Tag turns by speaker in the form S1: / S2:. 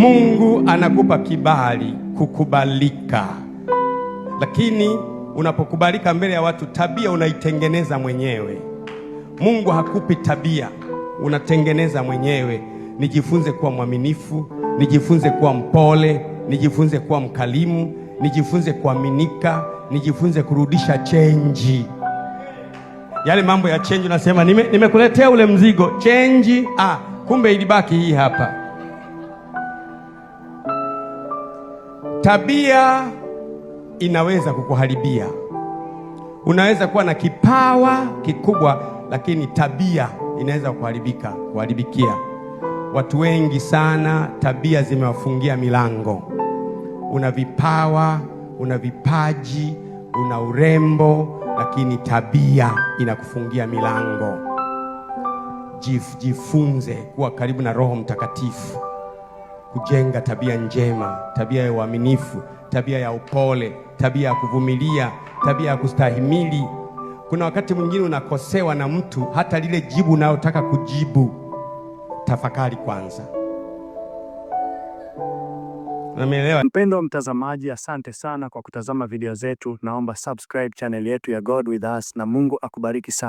S1: Mungu anakupa kibali kukubalika, lakini unapokubalika mbele ya watu, tabia unaitengeneza mwenyewe. Mungu hakupi tabia, unatengeneza mwenyewe. Nijifunze kuwa mwaminifu, nijifunze kuwa mpole, nijifunze kuwa mkalimu, nijifunze kuaminika, nijifunze kurudisha chenji. Yale mambo ya chenji unasema, nimekuletea nime ule mzigo chenji, ah, kumbe ilibaki hii hapa Tabia inaweza kukuharibia. Unaweza kuwa na kipawa kikubwa, lakini tabia inaweza kuharibika, kuharibikia. Watu wengi sana tabia zimewafungia milango. Una vipawa, una vipaji, una urembo, lakini tabia inakufungia milango. Jif, jifunze kuwa karibu na Roho Mtakatifu kujenga tabia njema, tabia ya uaminifu, tabia ya upole, tabia ya kuvumilia, tabia ya kustahimili. Kuna wakati mwingine unakosewa na mtu, hata lile jibu unayotaka kujibu, tafakari kwanza.
S2: Namelewa. Mpendo wa mtazamaji, asante sana kwa kutazama video zetu. Naomba subscribe channel yetu ya God with us, na Mungu akubariki sana.